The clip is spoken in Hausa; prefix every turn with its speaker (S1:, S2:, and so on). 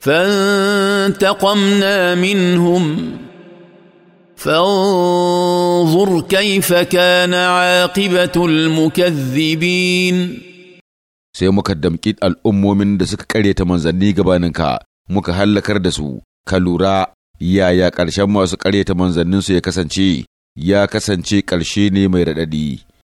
S1: فانتقمنا منهم فانظر كيف كان عاقبة المكذبين
S2: sai muka damƙi al'ummomin da suka ƙaryata manzanni gabaninka muka hallakar da su ka lura yaya ƙarshen masu ƙaryata manzanninsu ya kasance ya kasance ƙarshe ne mai raɗaɗi